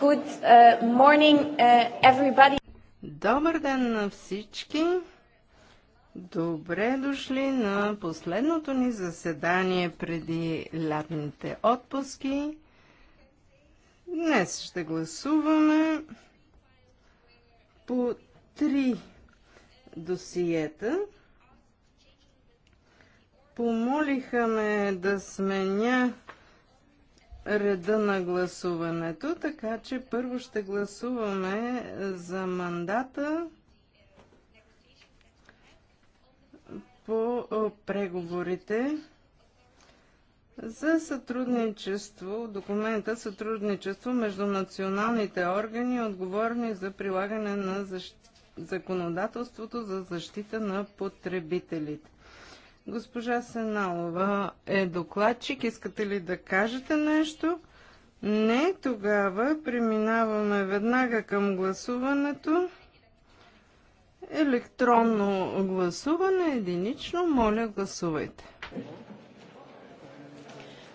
Good uh, morning, uh, everybody. Добър ден на всички! Добре дошли на последното ни заседание преди лятните отпуски. Днес ще гласуваме по три досиета. Помолиха ме да сменя реда на гласуването, така че първо ще гласуваме за мандата по преговорите за сътрудничество, документа сътрудничество между националните органи, отговорни за прилагане на защ... законодателството за защита на потребителите. Госпожа Сеналова е докладчик. Искате ли да кажете нещо? Не, тогава преминаваме веднага към гласуването. Електронно гласуване, единично, моля гласувайте.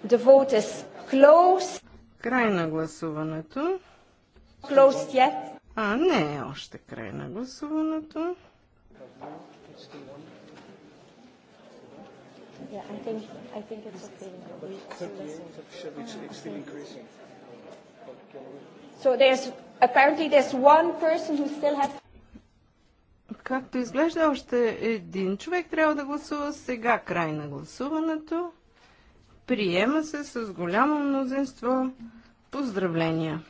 The vote is closed. Край на гласуването. Closed yet? А, не е още край на гласуването. Както изглежда, още един човек трябва да гласува сега край на гласуването. Приема се с голямо мнозинство. Поздравления!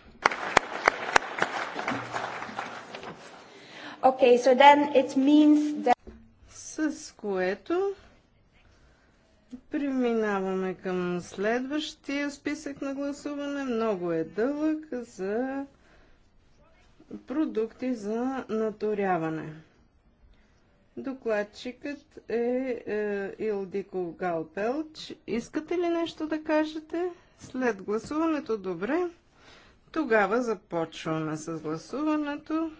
Okay, so then it means that... С което Преминаваме към следващия списък на гласуване. Много е дълъг за продукти за наторяване. Докладчикът е, е Илдиков Галпелч. Искате ли нещо да кажете? След гласуването, добре. Тогава започваме с гласуването.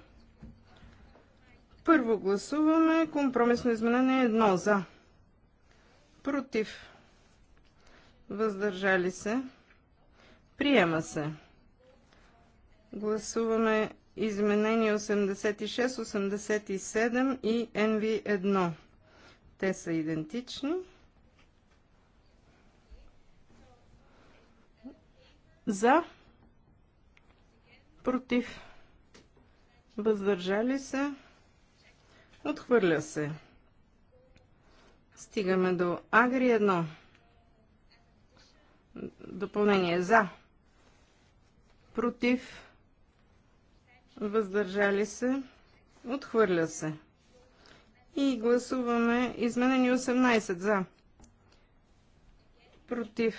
Първо гласуваме компромисно изменение едно за против, въздържали се, приема се. Гласуваме изменени 86, 87 и NV1. Те са идентични. За, против, въздържали се, отхвърля се. Стигаме до Агри 1. Допълнение за. Против. Въздържали се. Отхвърля се. И гласуваме изменени 18 за. Против.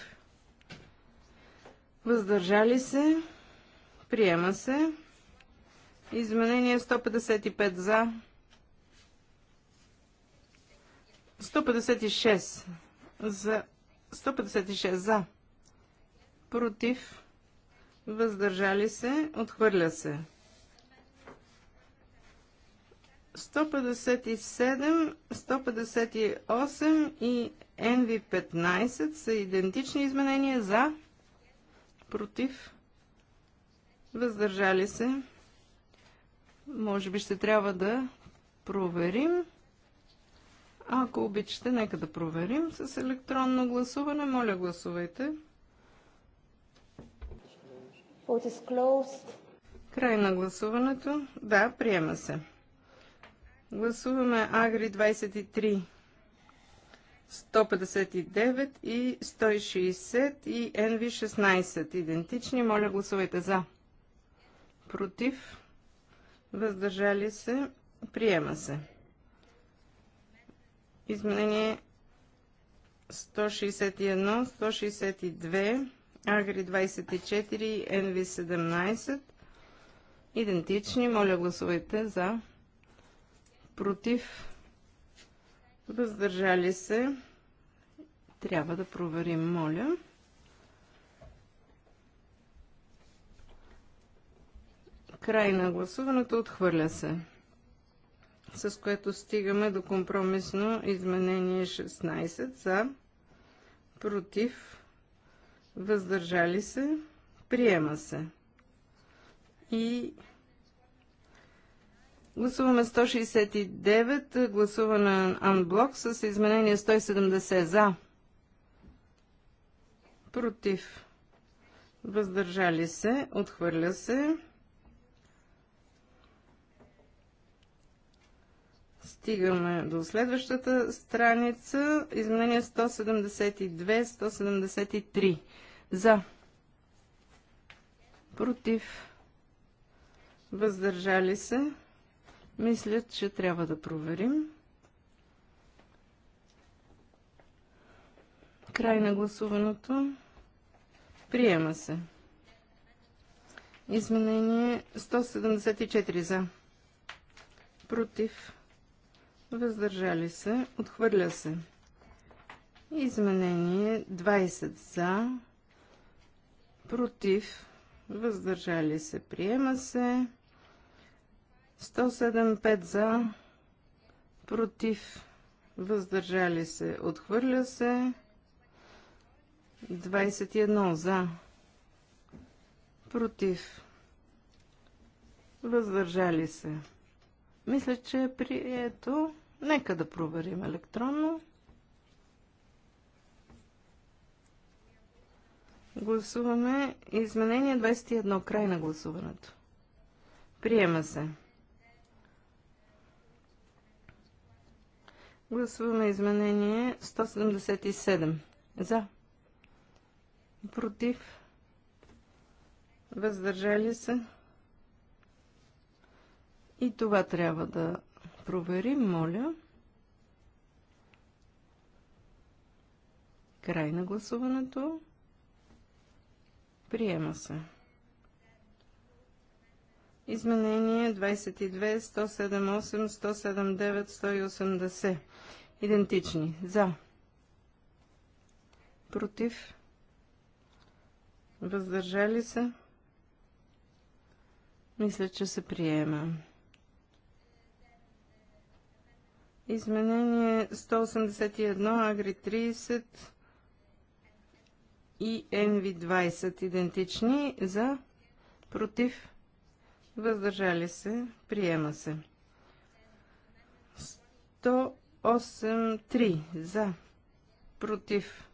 Въздържали се. Приема се. Изменение 155 за 156 за 156 за против въздържали се отхвърля се 157, 158 и NV15 са идентични изменения за, против, въздържали се. Може би ще трябва да проверим. Ако обичате, нека да проверим с електронно гласуване. Моля, гласувайте. Край на гласуването. Да, приема се. Гласуваме Агри 23, 159 и 160 и НВ 16. Идентични. Моля, гласувайте за. Против. Въздържали се. Приема се. Изменение 161, 162, Агри 24, НВ 17. Идентични. Моля гласувайте за. Против. Въздържали се. Трябва да проверим, моля. Край на гласуването. Отхвърля се с което стигаме до компромисно изменение 16 за, против, въздържали се, приема се. И гласуваме 169, гласуване анблок с изменение 170 за, против, въздържали се, отхвърля се. Стигаме до следващата страница. Изменение 172-173. За. Против. Въздържали се. Мислят, че трябва да проверим. Край на гласуването. Приема се. Изменение 174 за. Против въздържали се, отхвърля се. Изменение 20 за, против, въздържали се, приема се. 107 за, против, въздържали се, отхвърля се. 21 за, против, въздържали се. Мисля, че е прието. Нека да проверим електронно. Гласуваме изменение 21. Край на гласуването. Приема се. Гласуваме изменение 177. За. Против. Въздържали се. И това трябва да проверим, моля. Край на гласуването. Приема се. Изменение 22, 178, 179, 180. Идентични. За. Против. Въздържали се. Мисля, че се приема. Изменение 181, Агри 30 и NV 20 идентични за против въздържали се, приема се. 183 за против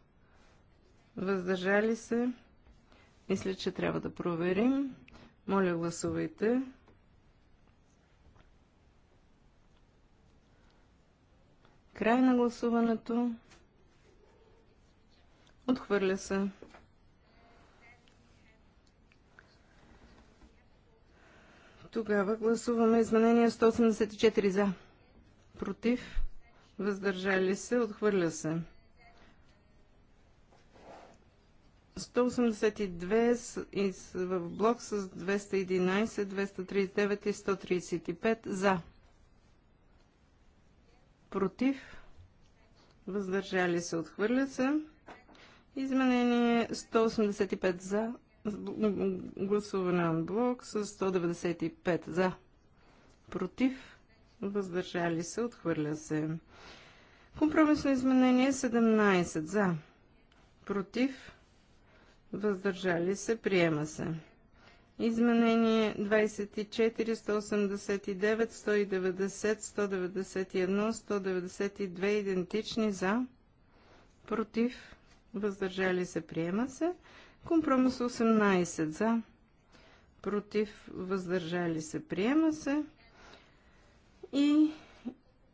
въздържали се. Мисля, че трябва да проверим. Моля, гласувайте. Край на гласуването. Отхвърля се. Тогава гласуваме изменение 184 за. Против. Въздържали се. Отхвърля се. 182 в блок с 211, 239 и 135 за против, въздържали се, отхвърля се. Изменение 185 за, гласуване на блок с 195 за, против, въздържали се, отхвърля се. Компромисно изменение 17 за, против, въздържали се, приема се. Изменение 24, 189, 190, 191, 192 идентични за, против, въздържали се, приема се. Компромис 18 за, против, въздържали се, приема се. И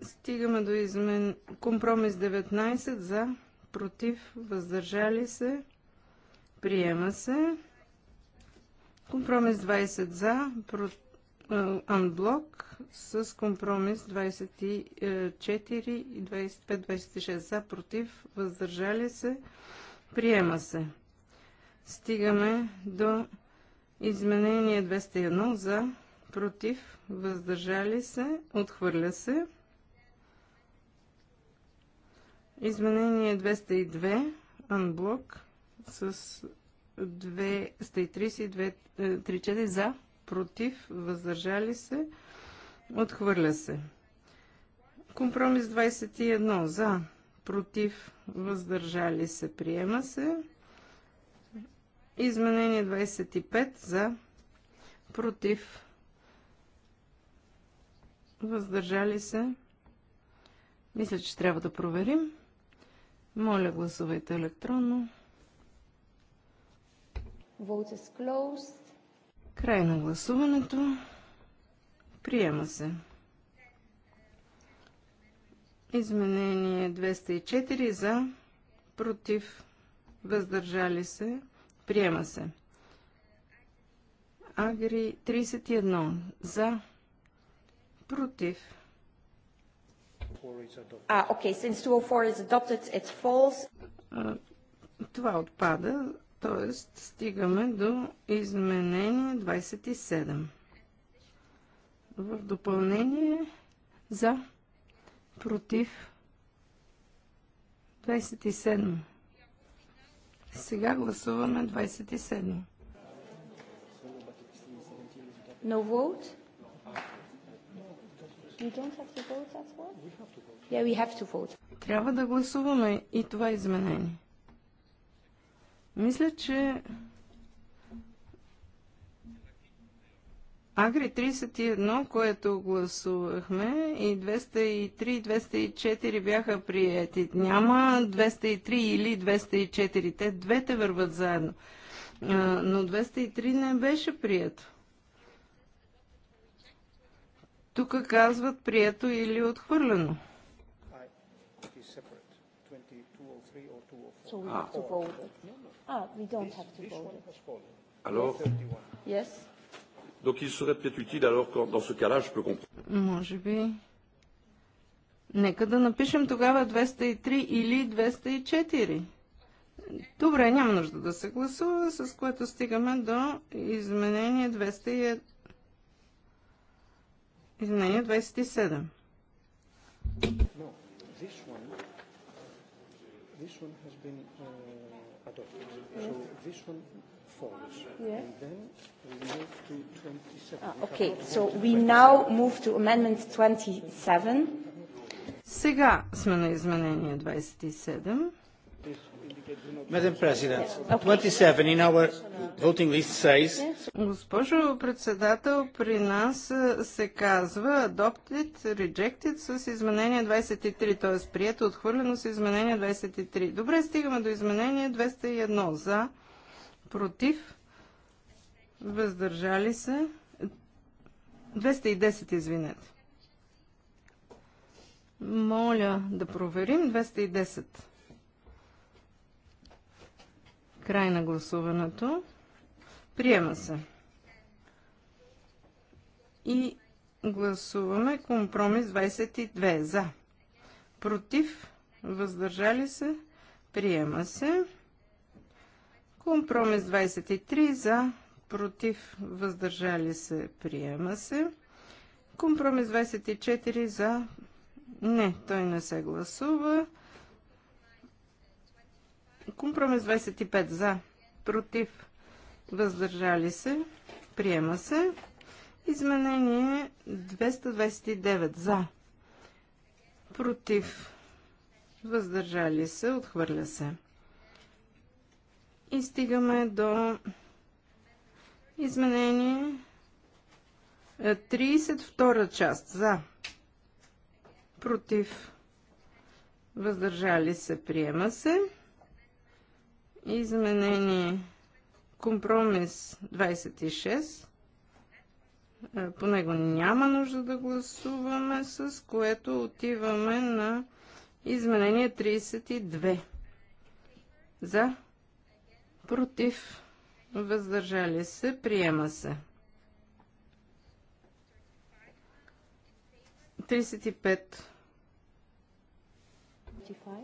стигаме до измен... компромис 19 за, против, въздържали се, приема се. Компромис 20 за, анблок с компромис 24 и 25-26 за, против, въздържали се, приема се. Стигаме до изменение 201 за, против, въздържали се, отхвърля се. Изменение 202, анблок, с 230 за, против, въздържали се, отхвърля се. Компромис 21 за, против, въздържали се, приема се. Изменение 25 за, против, въздържали се. Мисля, че трябва да проверим. Моля, гласувайте електронно. Край на гласуването. Приема се. Изменение 204 за, против, въздържали се, приема се. Агри 31 за, против. А, ah, окей, since 204 is adopted, it's false. Това отпада, Тоест, стигаме до изменение 27. В допълнение за, против 27. Сега гласуваме 27. No vote? You don't have to vote as well? Yeah, we have to vote. Трябва да гласуваме и това изменение. Мисля, че Агри 31, което гласувахме, и 203 и 204 бяха приети. Няма 203 или 204. Те двете върват заедно. Но 203 не беше прието. Тук казват прието или отхвърлено. Oh oh so Ah, we don't this, have to vote it. Alors Yes. Donc il serait peut-être utile alors quand, dans ce cas-là, je peux comprendre. Може би. Нека да напишем тогава 203 или 204. Добре, няма нужда да се гласува, с което стигаме до изменение 201. Изменение 27. No, this one, this one has been, uh adopted. So this one falls. Yeah. And then we move to 27. Ah, okay, so we now move to amendment 27. Сега сме на изменение 27. Госпожо председател, при нас се казва adopted, rejected с изменение 23, т.е. прието, отхвърлено с изменение 23. Добре, стигаме до изменение 201. За, против, въздържали се. 210, извинете. Моля да проверим 210. Край на гласуването. Приема се. И гласуваме компромис 22 за. Против, въздържали се, приема се. Компромис 23 за, против, въздържали се, приема се. Компромис 24 за, не, той не се гласува. Компромис 25 за, против, въздържали се, приема се. Изменение 229 за, против, въздържали се, отхвърля се. И стигаме до изменение 32 част за, против, въздържали се, приема се. Изменение компромис 26. Е, по него няма нужда да гласуваме, с което отиваме на изменение 32. За, против, въздържали се, приема се. 35. 35.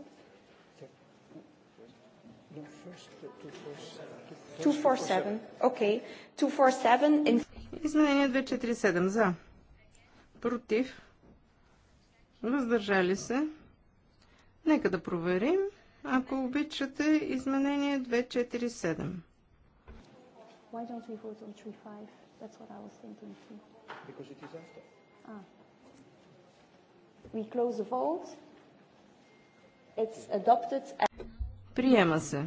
247. Okay. 247 in... Изменение 247 за. Против. Въздържали се. Нека да проверим. Ако обичате, изменение 247. Why don't we vote on 3.5? That's what I was thinking too. Because it is after. Ah. We close the vote. It's adopted. Приема се.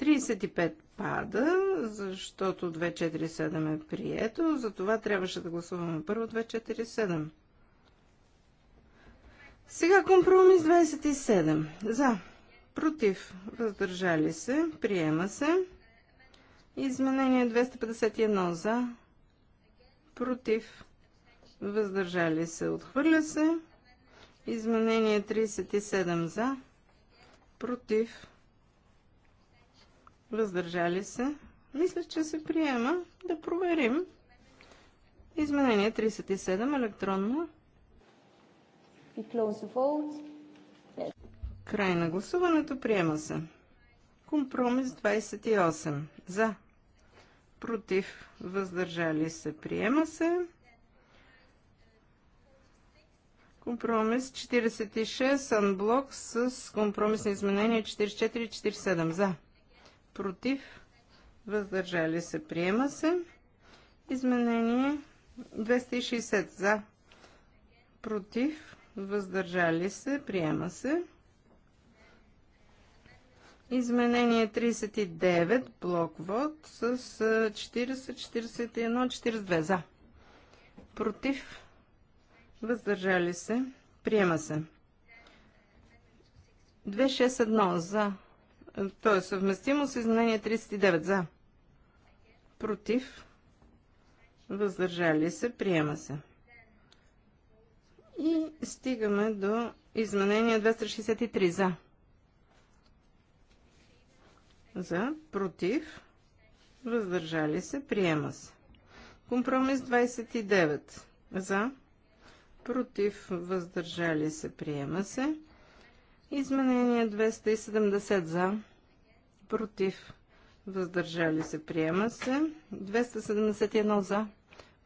35 пада, защото 247 е прието, затова трябваше да гласуваме първо 247. Сега компромис 27. За. Против. Въздържали се. Приема се. Изменение 251 за. Против. Въздържали се. Отхвърля се. Изменение 37 за. Против въздържали се. Мисля, че се приема да проверим. Изменение 37 електронно. Край на гласуването приема се. Компромис 28. За. Против. Въздържали се. Приема се. Компромис 46. Анблок с компромисни изменения 44-47. За против, въздържали се, приема се. Изменение 260 за, против, въздържали се, приема се. Изменение 39, блок вод с 40, 41, 42 за. Против, въздържали се, приема се. 261 за, той е съвместимо с изменение 39 за. Против. Въздържали се. Приема се. И стигаме до изменение 263 за. За. Против. Въздържали се. Приема се. Компромис 29 за. Против. Въздържали се. Приема се. Изменение 270 за, против, въздържали се, приема се. 271 за,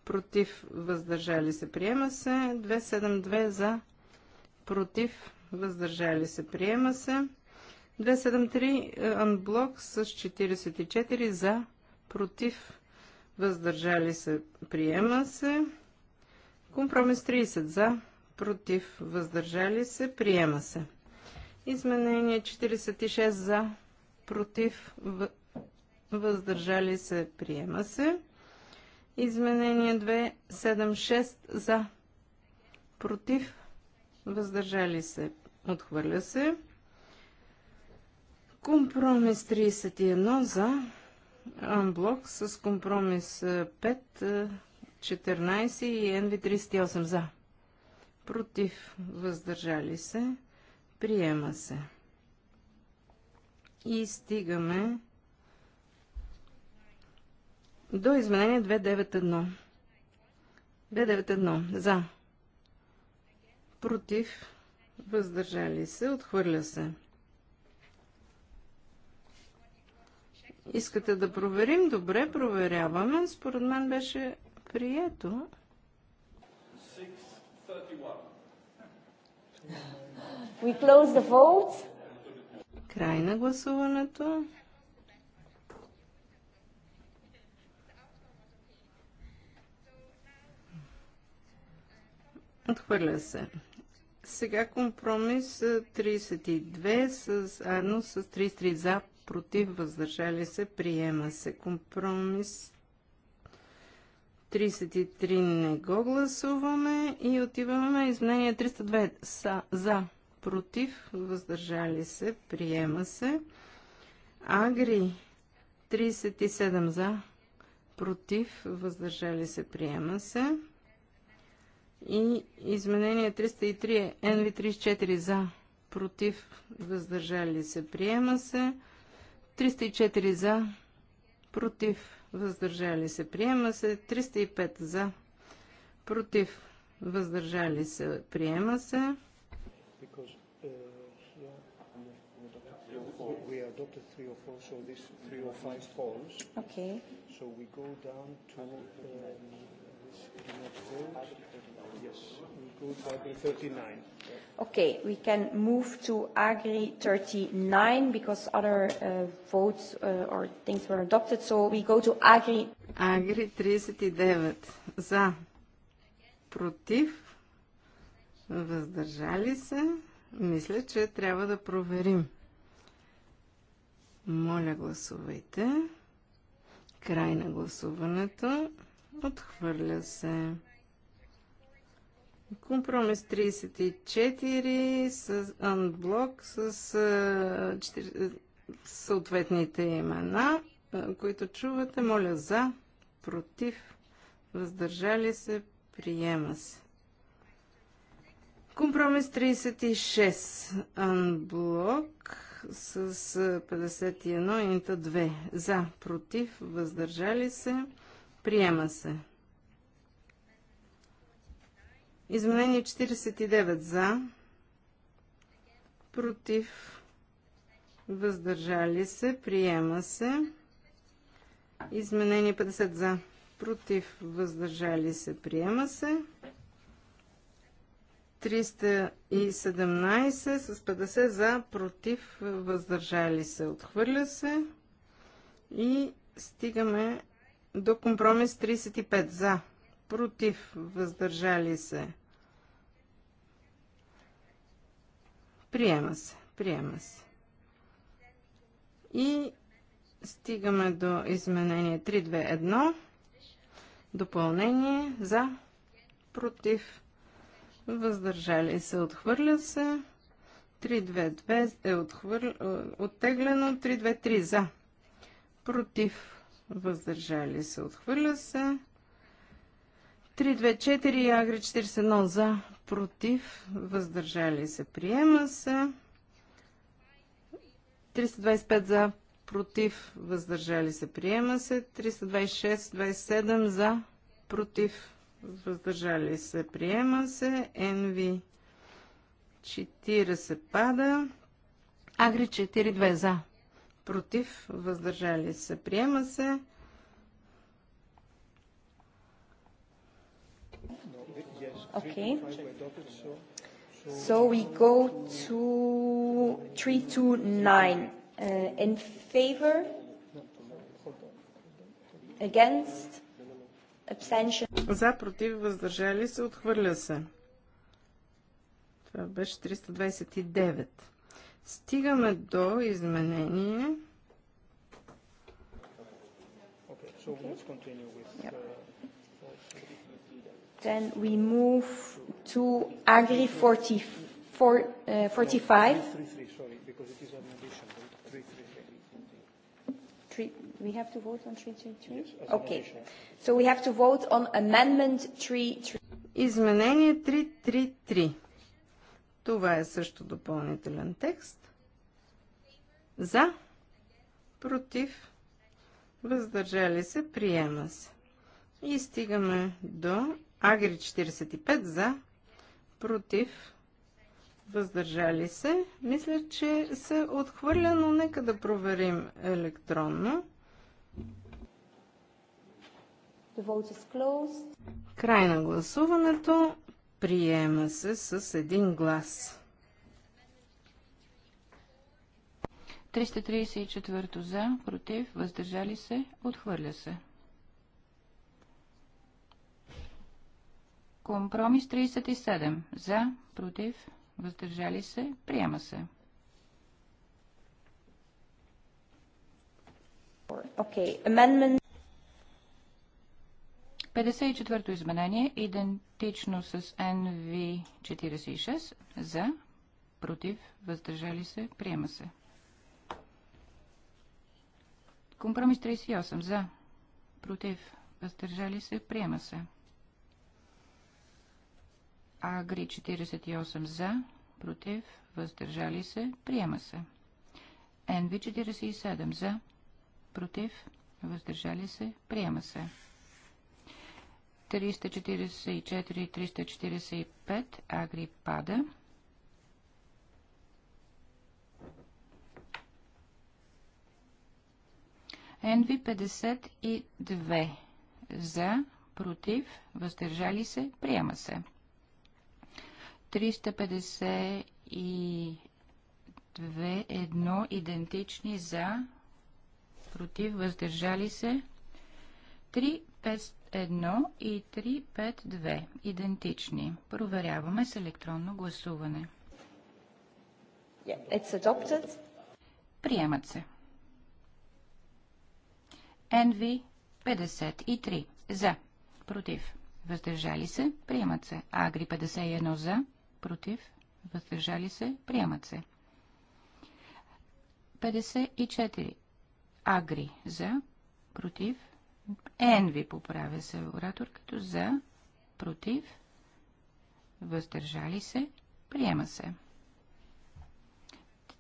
против, въздържали се, приема се. 272 за, против, въздържали се, приема се. 273 е, анблок с 44 за, против, въздържали се, приема се. Компромис 30 за, против, въздържали се, приема се. Изменение 46 за, против, въздържали се, приема се. Изменение 276 за, против, въздържали се, отхвърля се. Компромис 31 за Анблок с компромис 5, 14 и NV38 за. Против въздържали се. Приема се. И стигаме до изменение 291. 291. За. Против. Въздържали се. Отхвърля се. Искате да проверим? Добре, проверяваме. Според мен беше прието. 631. We close the vote. Край на гласуването. Отхвърля се. Сега компромис 32 с, заедно с 33 за, против, въздържали се, приема се. Компромис 33 не го гласуваме и отиваме на изменение 302 са, за, против, въздържали се, приема се. Агри 37 за, против, въздържали се, приема се. И изменение 303, NV34 за, против, въздържали се, приема се. 304 за, против, въздържали се, приема се. 305 за, против, въздържали се, приема се because uh, here we adopted three or four, so this three or five falls. Okay. So we go down to um, this vote. Yes, we go to Agri 39. Okay, we can move to Agri 39 because other uh, votes uh, or things were adopted. So we go to Agri. Agri 39 за, против Въздържали се? Мисля, че трябва да проверим. Моля, гласувайте. Край на гласуването. Отхвърля се. Компромис 34 с анблок с съответните имена, които чувате. Моля за, против, въздържали се, приема се. Компромис 36. Анблок с 51 инта 2. За, против, въздържали се, приема се. Изменение 49 за, против, въздържали се, приема се. Изменение 50 за, против, въздържали се, приема се. 317 с 50 за, против, въздържали се, отхвърля се. И стигаме до компромис 35 за, против, въздържали се. Приема се, приема се. И стигаме до изменение 321. Допълнение за, против, въздържали се въздържали се, отхвърля се. 3-2-2 е отхвър... Е, оттеглено, 3-2-3 за, против, въздържали се, отхвърля се. 3-2-4 Агри 41 за, против, въздържали се, приема се. 325 за, против, въздържали се, приема се. 326-27 за, против, въздържали се, приема се, NV 40 пада, Агри 42 за, против, въздържали се, приема се. Okay. So we go to 329 uh, in favor, against, за, против, въздържали се, отхвърля се. Това беше 329. Стигаме до изменение. Uh, Then we move to Agri three, we have to vote on 333? Yes, okay. So we have to vote on amendment 333. Изменение 333. Това е също допълнителен текст. За, против, въздържали се, приема се. И стигаме до Агри 45 за, против, въздържали се. Мисля, че се отхвърля, но нека да проверим електронно. Край на гласуването. Приема се с един глас. 334 за, против, въздържали се, отхвърля се. Компромис 37 за, против, въздържали се, приема се. Okay. Amendment... 54-то изменение, идентично с NV46, за, против, въздържали се, приема се. Компромис 38, за, против, въздържали се, приема се. Агри 48 за, против, въздържали се, приема се. Енви 47 за, против, въздържали се, приема се. 344 и 345 Агри пада. Енви 52 за, против, въздържали се, приема се. 352 1 идентични за, против, въздържали се. 351 и 352 идентични. Проверяваме с електронно гласуване. Yeah, Приемат се. NV 53 за, против, въздържали се. Приемат се. Агри 51 за, против, въздържали се, приемат се. 54. Агри за, против, Енви поправя се оратор като за, против, въздържали се, приема се.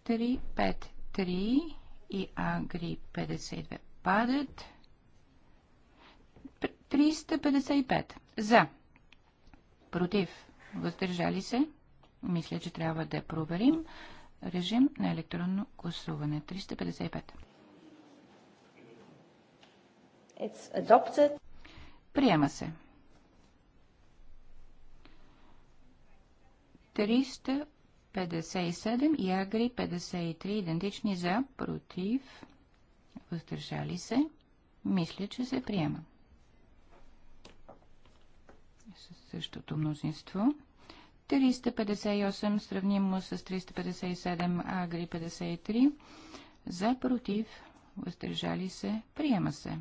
3, 5, 3 и Агри 52 падат. 355 за, против, въздържали се. Мисля, че трябва да проверим. Режим на електронно гласуване. 355. It's adopted. Приема се. 357 и Агри 53 идентични за, против, въздържали се. Мисля, че се приема. 358 същото мнозинство. 358 сравнимо с 357 Агри 53. За против, въздържали се, приема се.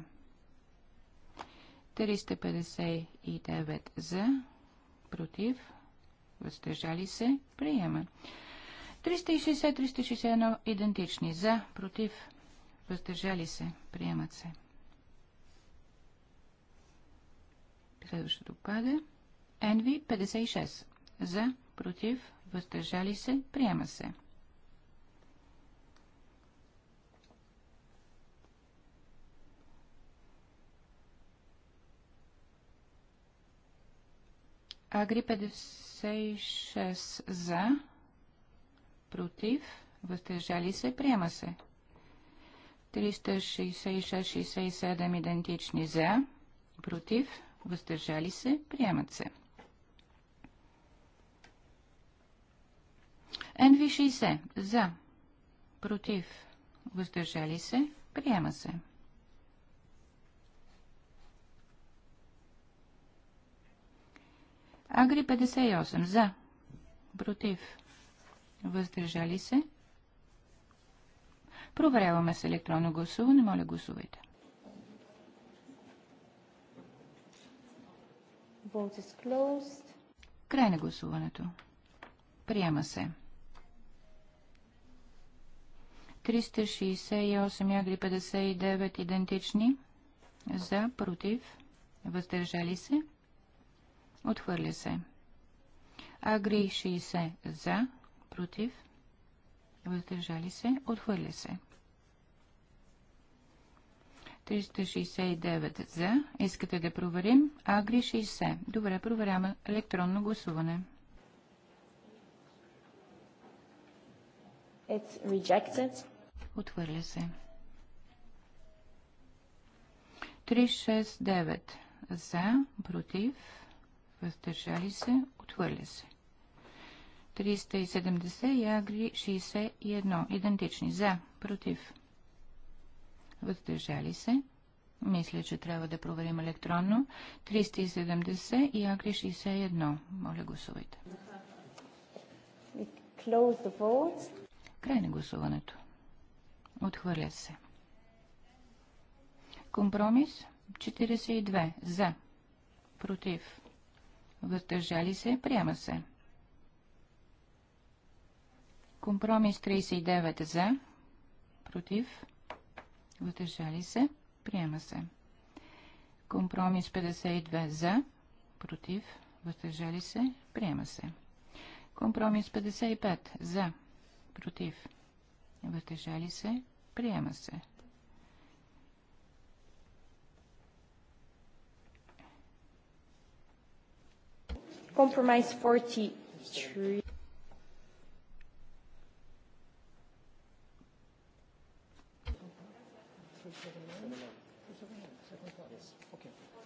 359 за, против, въздържали се, приема. 360-361 идентични за, против, въздържали се, приемат се. Следващото пада. Енви 56. За, против, въздържали се, приема се. Агри 56 за, против, въздържали се, приема се. 366-67 идентични за, против, въздържали се, приемат се. NV60 за, против, въздържали се, приема се. Агри 58 за, против, въздържали се. Проверяваме с електронно гласуване, моля гласувайте. Край на гласуването. Приема се. 368 ягри 59 идентични. За, против, въздържали се. Отхвърля се. Агри 60 за, против, въздържали се, отхвърля се. 369 за. Искате да проверим? Агри 60. Добре, проверяваме електронно гласуване. It's rejected. Отвърля се. 369 за, против, въздържали се, отвърля се. 370 и агри 61 идентични за, против, въздържали се. Мисля, че трябва да проверим електронно. 370 и Агри 61. Моля, гласувайте. Край на гласуването. Отхвърля се. Компромис 42. За. Против. Въздържали се. Приема се. Компромис 39. За. Против въздържали се, приема се. Компромис 52 за, против, въздържали се, приема се. Компромис 55 за, против, въздържали се, приема се. Компромис 43.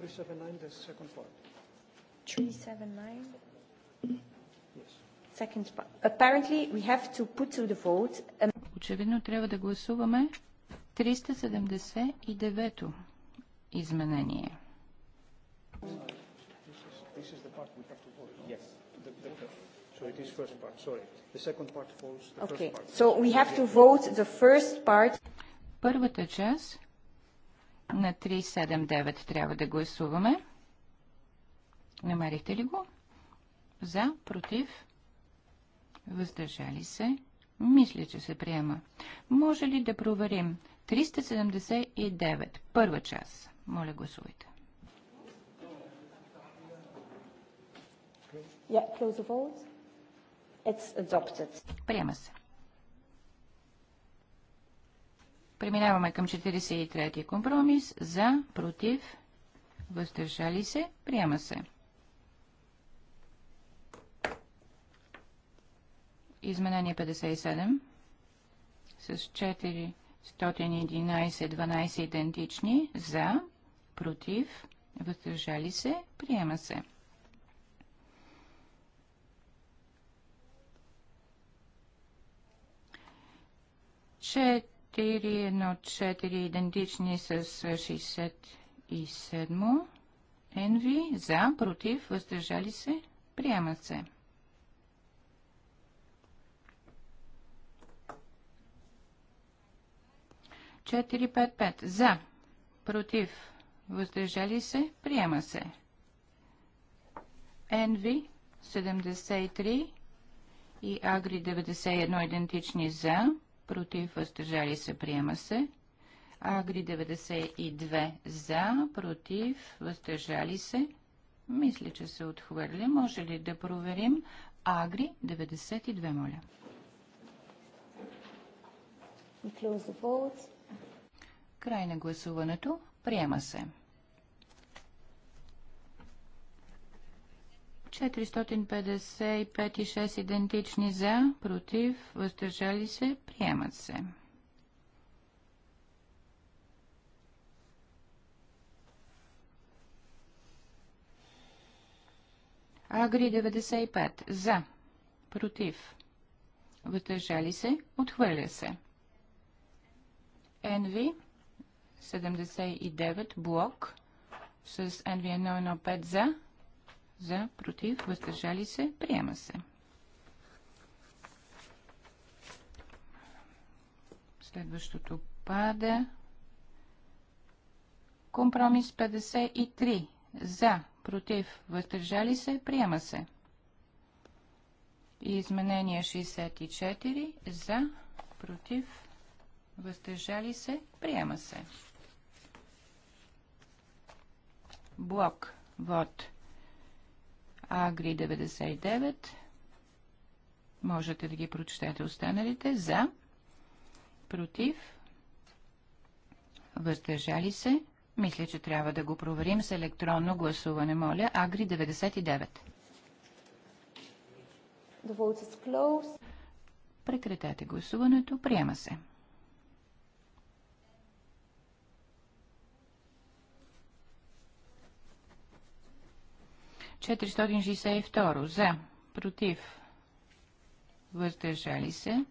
379, the second part. 379? Yes. Apparently we have to put to the vote... Очевидно трябва да гласуваме 379-то изменение. This is the part we have to vote. Yes. The, the, so it is first part, sorry. The second part falls the okay. first part. So we have to vote the first part. Първата част на 379 трябва да гласуваме. Намерихте ли го? За, против, въздържали се. Мисля, че се приема. Може ли да проверим? 379, първа част. Моля, гласувайте. Yeah, Приема се. Преминаваме към 43 я компромис. За, против, въздържали се, приема се. Изменение 57 с 411, 12 идентични. За, против, въздържали се, приема се. Че. 414 идентични с 67. Енви за, против, въздържали се, приемат се. Четири пет пет за, против, въздържали се, приема се. Енви 73 и Агри 91 идентични за, против, въздържали се, приема се. Агри 92 за, против, въздържали се. Мисля, че се отхвърли. Може ли да проверим? Агри 92, моля. Край на гласуването. Приема се. 455 и 6 идентични за, против, въздържали се, приемат се. Агри 95 за, против, въздържали се, отхвърля се. NV 79 блок с NV115 за, за, против, въздържали се, приема се. Следващото пада. Компромис 53. За, против, въздържали се, приема се. И изменение 64. За, против, въздържали се, приема се. Блок. Вот. Агри 99. Можете да ги прочетете останалите. За, против, въздържали се. Мисля, че трябва да го проверим с електронно гласуване. Моля, Агри 99. Прекратете гласуването. Приема се. 462 за, против, въздържали се.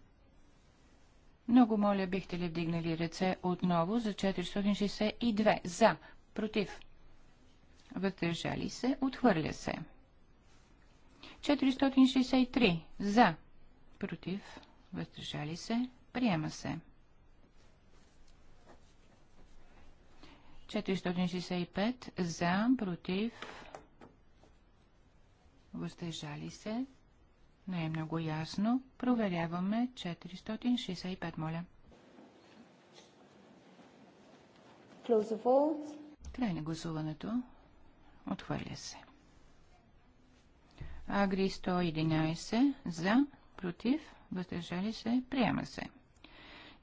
Много моля, бихте ли вдигнали ръце отново за 462 за, против, въздържали се, отхвърля се. 463 за, против, въздържали се, приема се. 465 за, против, въздържали се, не е много ясно. Проверяваме 465, моля. Край на гласуването. Отхвърля се. Агри 111 за, против, въздържали се, приема се.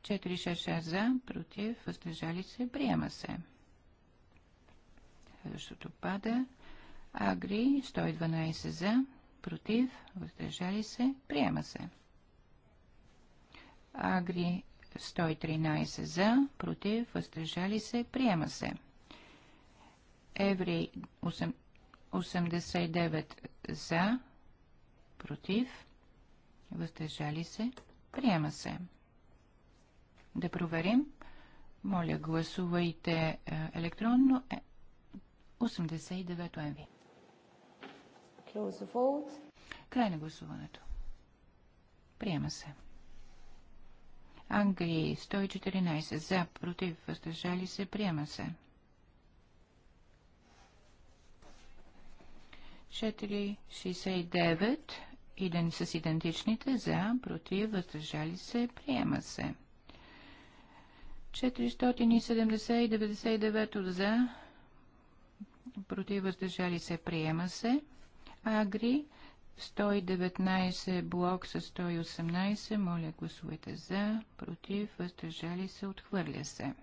466 за, против, въздържали се, приема се. Следващото пада. Агри 112 за, против, въздържали се, приема се. Агри 113 за, против, въздържали се, приема се. Еври 89 за, против, въздържали се, приема се. Да проверим. Моля, гласувайте е, електронно 89 е, ОМВИ. Край на гласуването. Приема се. Англия 114 за, против, въздържали се, приема се. 469 иден с идентичните за, против, въздържали се, приема се. 470 и 99 за, против, въздържали се, приема се. Агри 119 блок с 118. Моля, гласувайте за, против, въздържали се, отхвърля се.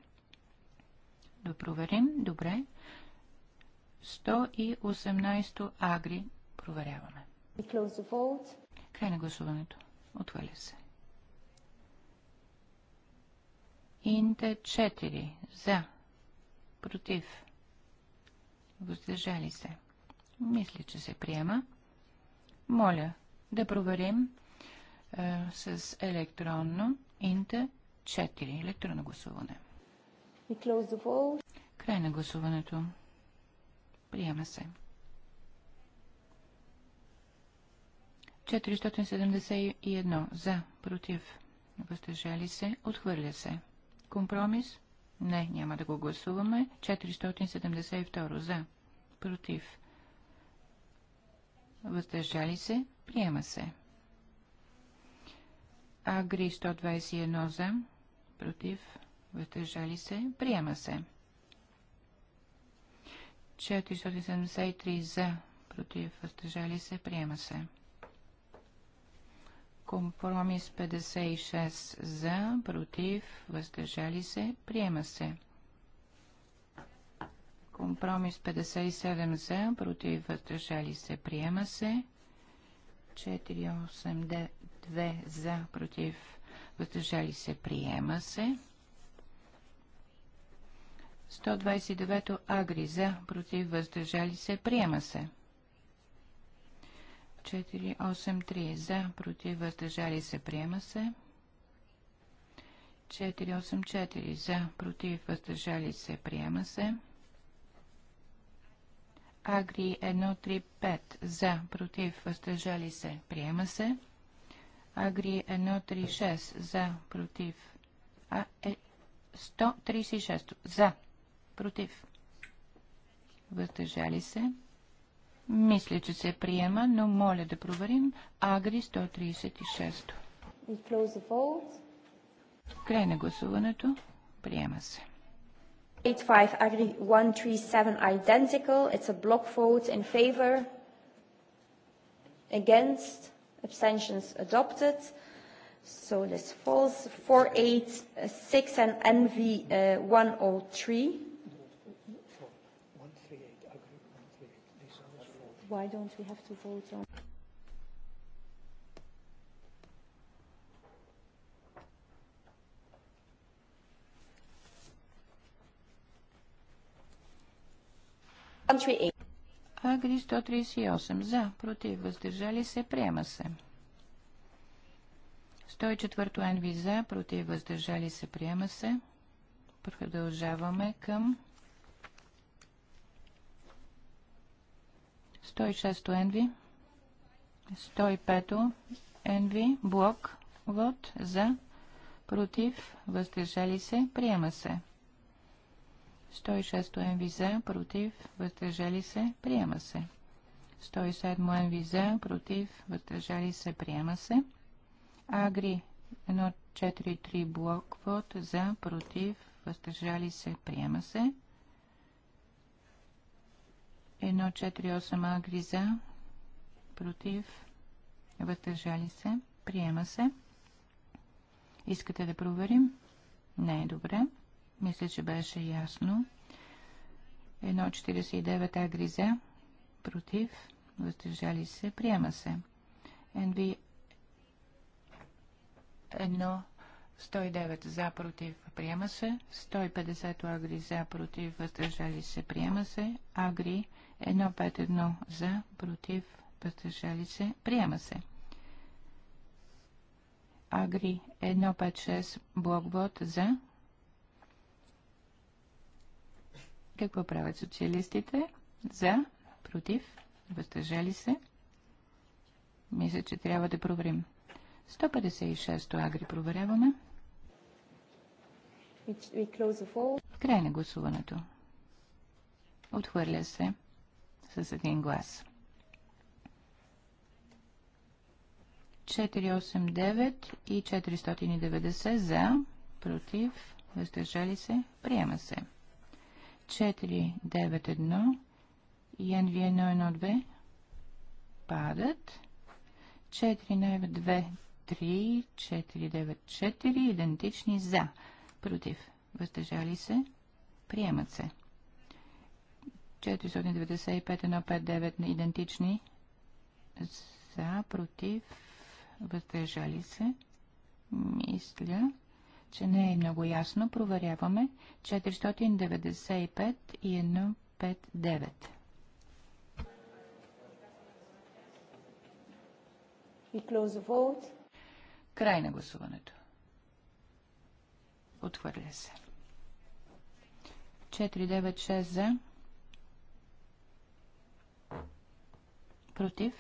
Да проверим. Добре. 118 агри. Проверяваме. Край на гласуването. Отхвърля се. Инте 4. За. Против. Въздържали се. Мисля, че се приема. Моля да проверим е, с електронно Инте 4. Електронно гласуване. Край на гласуването. Приема се. 471 за, против, въздържали се, отхвърля се. Компромис? Не, няма да го гласуваме. 472 за, против, въздържали се, приема се. Агри 121 за, против, въздържали се, приема се. 473 за, против, въздържали се, приема се. Компромис 56 за, против, въздържали се, приема се. Компромис 57 за, против въздържали се, приема се. 482 за, против въздържали се, приема се. 129 агри за, против въздържали се, приема се. 483 за, против въздържали се, приема се. 484 за, против въздържали се, приема се. Агри 135 за, против, въздържали се, приема се. Агри 136 за, против. А, е, 136 за, против. Въздържали се. Мисля, че се приема, но моля да проверим. Агри 136. Край на гласуването. Приема се. 85137 identical. It's a block vote in favor, against, abstentions adopted. So this falls. 486 and NV uh, 103. Why don't we have to vote on? Агри 138 за, против, въздържали се, приема се. 104 Анви за, против, въздържали се, приема се. Продължаваме към 106 Енви, 105 Енви, блок, вод, за, против, въздържали се, приема се. 106 МВ за, против, въздържали се, приема се. 107 МВ за, против, въздържали се, приема се. Агри 143 блок вод за, против, въздържали се, приема се. 148 агри за, против, въздържали се, приема се. Искате да проверим? Не е добре. Мисля, че беше ясно. 1.49 агри за, против, въздържали се, приема се. НВ 1.109 109 за, против, приема се. 150 агри за, против, въздържали се, приема се. Агри 151 за, против, въздържали се, приема се. Агри 156 блоквод за, Какво правят социалистите? За, против, въздържали се. Мисля, че трябва да проверим. 156-то агри проверяваме. В край на гласуването. Отхвърля се с един глас. 489 и 490 за, против, въздържали се, приема се. 491 и NV112 падат. 4923494 3, 4, 9, 4, идентични за, против, въздържали се, приемат се. 495, идентични за, против, въздържали се, мисля, че не е много ясно. Проверяваме 495 и 159. Край на гласуването. Отхвърля се. 496 за. Против.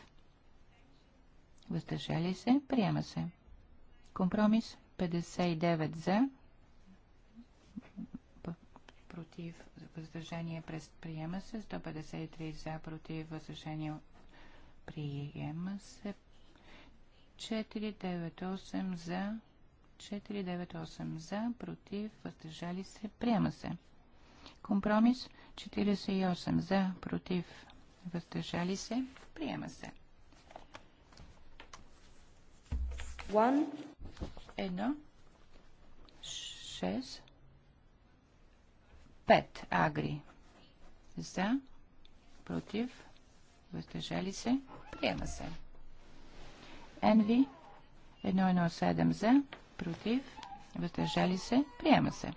Въздържали се. Приема се. Компромис 59 за, против, въздържание през приема се, 153 за, против, въздържание приема се, 498 за, 498 за, против, въздържали се, приема се. Компромис 48 за, против, въздържали се, приема се. 1. 6, 5 агри. За, против, въздържали се, приема се. Енви, 117 за, против, въздържали се, приема се.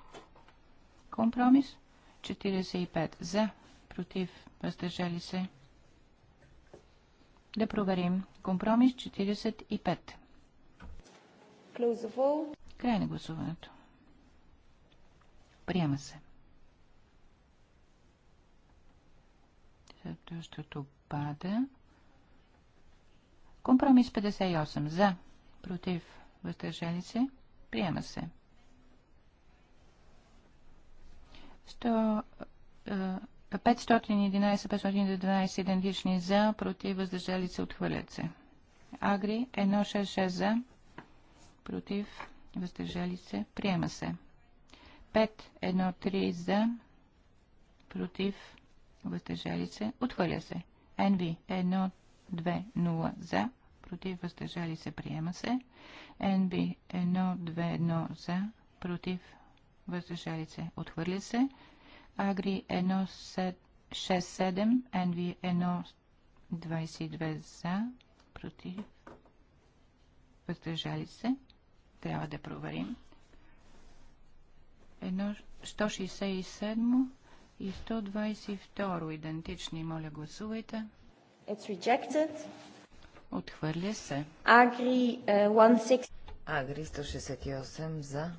Компромис, 45 за, против, въздържали се. Да проверим. Компромис 45. Край на гласуването. Приема се. Следващото пада. Компромис 58. За. Против. Въздържали се. Приема се. 511-512 е, е, идентични за, против, въздържали се, отхвърлят се. Агри 166 за, против, въздържали се, приема се. 5-1-3 за, против, въздържали се, отхвърля се. NV 1-2-0 за, против, въздържали се, приема се. NB 1-2-1 за, против, въздържали се, отхвърля се. Агри 1-6-7, NV 1-22 за, против, въздържали се, трябва да проверим. Едно 167 и 122 идентични. Моля, гласувайте. It's rejected. Отхвърля се. Агри uh, е, 16... Агри 168 за,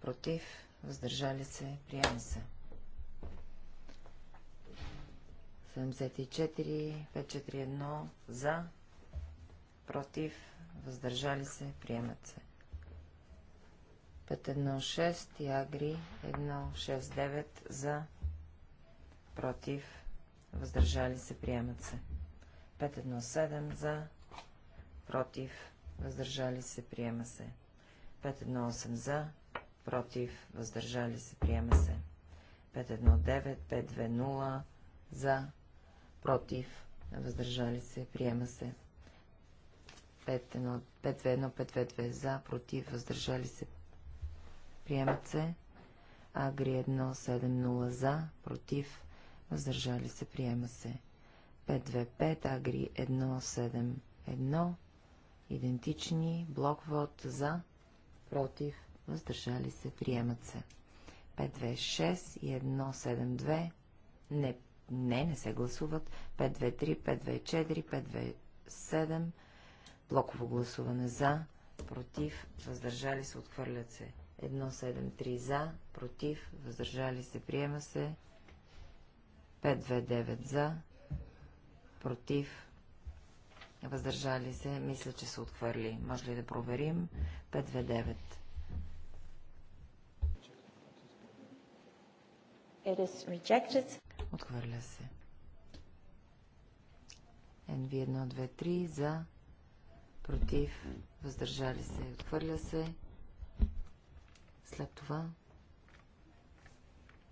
против, въздържали се, приема се. 74, 541 за, против, въздържали се, приемат се. Пет 1.6 и Агри 1.6.9 за против, въздържали се, приемат се. 5.1.7 за против, въздържали се, приема се. 5.1.8 за против, въздържали се, приема се. 5.1.9, 5.2.0 за против, въздържали се, приема се. 521 5.2.2 за против, въздържали се, приемат се. Агри 170 за, против, въздържали се, приема се. 525, Агри 171, идентични, блок вод за, против, въздържали се, приемат се. 526 и 172, не, не, не се гласуват. 523, 524, 527, блоково гласуване за, против, въздържали се, отхвърлят се. 173 за, против, въздържали се, приема се. 529 за, против, въздържали се, мисля, че се отхвърли. Може ли да проверим? 529. It is rejected. Отхвърля се. NV123 за, против, въздържали се, отхвърля се. След това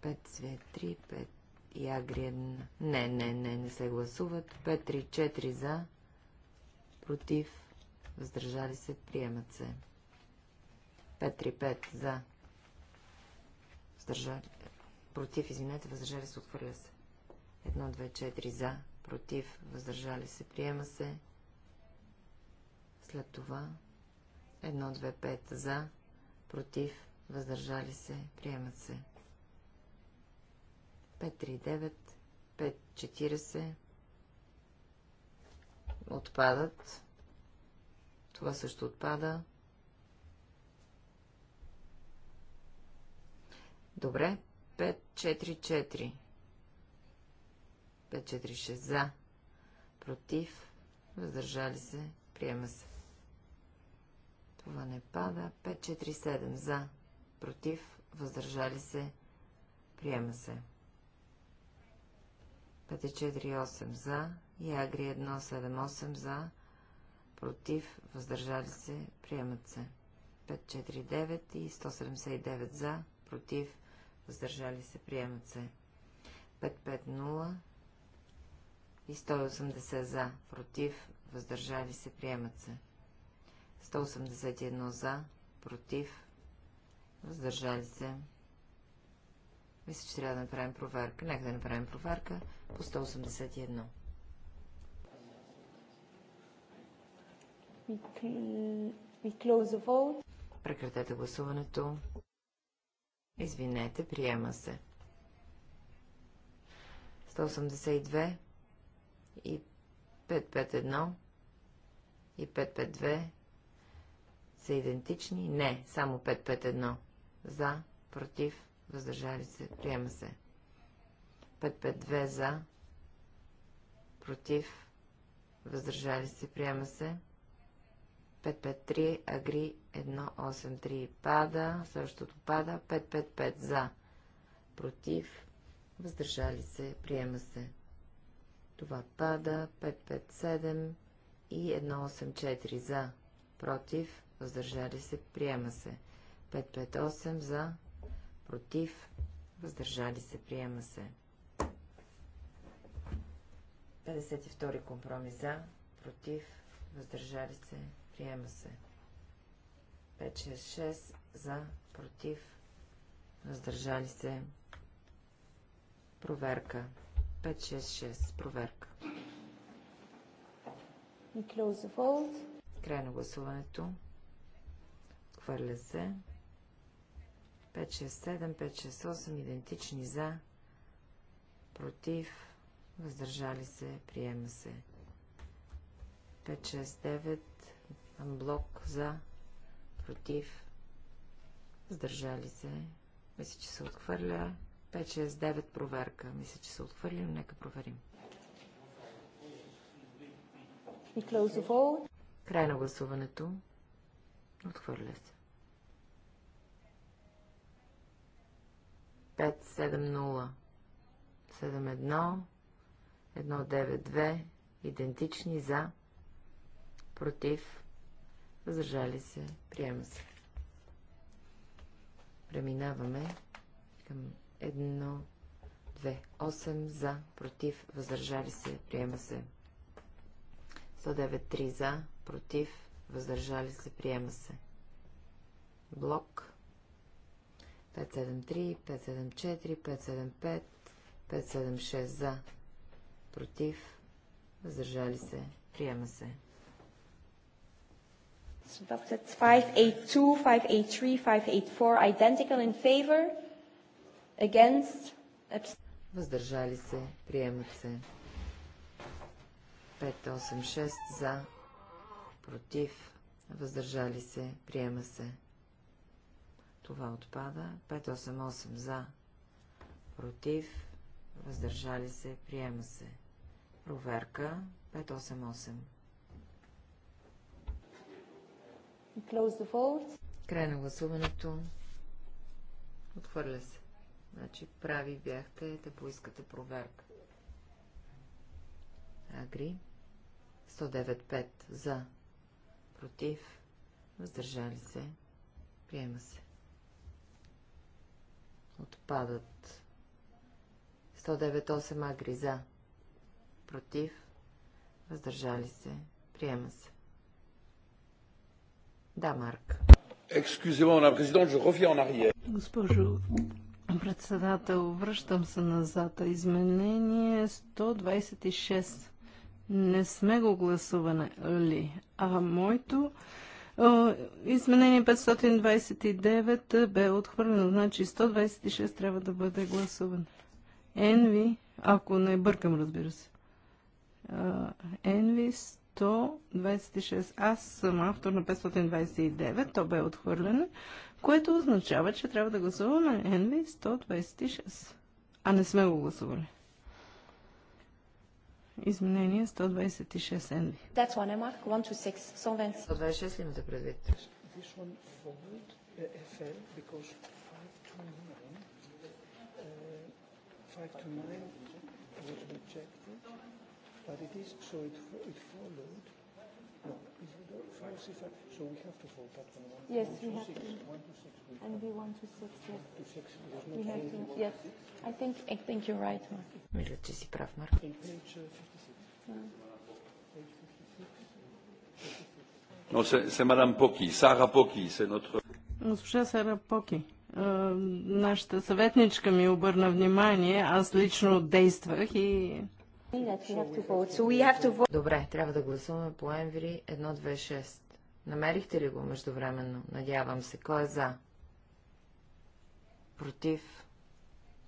5, 2, 3, 5 и Агри 1. Не, не, не, не се гласуват. 5, 3, 4 за. Против. Въздържали се. Приемат се. 5, 3, 5 за. Въздържали. Против, извинете, въздържали се, отхвърля се. 1, 2, 4 за. Против, въздържали се, приема се. След това 1, 2, 5 за. Против, въздържали се, приемат се. 539, 540 отпадат. Това също отпада. Добре, 5-4-4. 5-4-6 за. Против. Въздържали се. Приема се. Това не пада. 5-4-7 за против, въздържали се, приема се. 548 за и Агри 178 за, против, въздържали се, приемат се. 549 и 179 за, против, въздържали се, приемат се. 550 и 180 за, против, въздържали се, приемат се. 181 за, против, въздържали се. Мисля, че трябва да направим проверка. Нека да направим проверка по 181. Прекратете гласуването. Извинете, приема се. 182 и 551 и 552 са идентични? Не, само 551 за, против, въздържали се, приема се. 552 за, против, въздържали се, приема се. 553, агри, 183 пада, същото пада, 555 за, против, въздържали се, приема се. Това пада, 557 и 184 за, против, въздържали се, приема се. 558 за, против, въздържали се, приема се. 52 компромис за, против, въздържали се, приема се. 566 за, против, въздържали се. Проверка. 566. Проверка. И close the Край на гласуването. Хвърля се. 5-6-7-5-6-8 идентични за против въздържали се, приема се 5-6-9 анблок за против въздържали се мисля, че се отхвърля 5-6-9 проверка, мисля, че се отхвърля нека проверим край на гласуването отхвърля се 570, 71, 192, идентични за, против, въздържали се, приема се. Преминаваме към 1, 2, 8 за, против, въздържали се, приема се. 109, 3 за, против, въздържали се, приема се. Блок 573, 574, 575, 576 за. Против. Въздържали се. Приема се. 582, 583, 584 identical in favor. Against. Въздържали се. Приемат се. 586 за. Против. Въздържали се. Приема се. Това отпада. 588 за. Против. Въздържали се. Приема се. Проверка. 588. Край на гласуването. Отхвърля се. Значи прави бяхте да поискате проверка. Агри. 109.5 за. Против. Въздържали се. Приема се. Отпадат. 198 агри за. Против. Въздържали се. Приема се. Да, Марк. Госпожо председател, връщам се назад. Изменение 126. Не сме го гласували. А моето Изменение 529 бе отхвърлено, значи 126 трябва да бъде гласуван. Енви, ако не бъркам, разбира се. Енви 126. Аз съм автор на 529, то бе отхвърлено, което означава, че трябва да гласуваме Енви 126. А не сме го гласували. Изменение 126 Енви. That's one, Emma. 126. 126 ли имате предвид? This one forward, uh, FL, because 529, uh, 529 was rejected, but it is, so it, it followed, no, it So we have to vote that one. one yes, we have six. to. One to six. We and we want to six. Yes. to six. no we have to. Yes. I think I think you're right, Mark. Мисля, че си прав, Марк. Non, c'est Madame Pocky, Sarah Pocky, c'est notre. Госпожа Сара Поки, нашата съветничка ми обърна внимание, аз лично действах и Добре, трябва да гласуваме по Енври 126. Намерихте ли го междувременно? Надявам се. Кой е за? Против?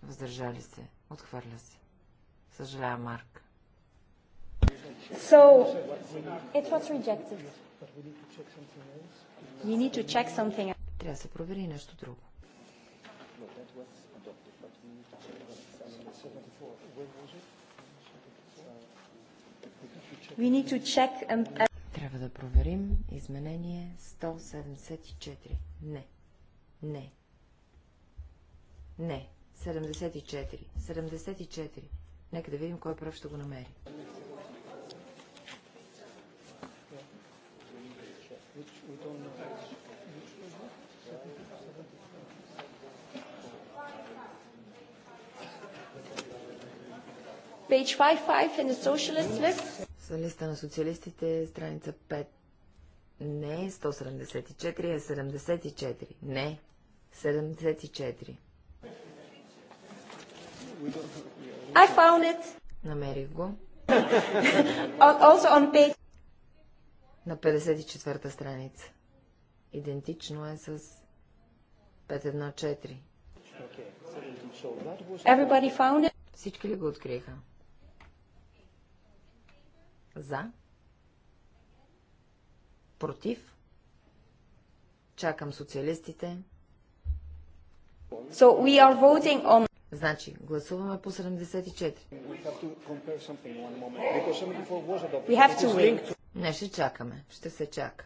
Въздържали се. Отхвърля се. Съжалявам, Марк. So, it was rejected. need to check something else. Трябва да се провери нещо друго. No, that was adopted, but we need to check And... Uh, Трябва да проверим изменение 174. Не. Не. Не. 74. 74. Нека да видим кой прав ще го намери. Page 55 in the socialist list листа на социалистите, страница 5. Не, 174 е 74. Не, 74. I found it. Намерих го. also on page... На 54-та страница. Идентично е с 514. Everybody found it? Всички ли го откриха? За. Против. Чакам социалистите. So we are voting on... Значи, гласуваме по 74. To... Не, ще чакаме. Ще се чака.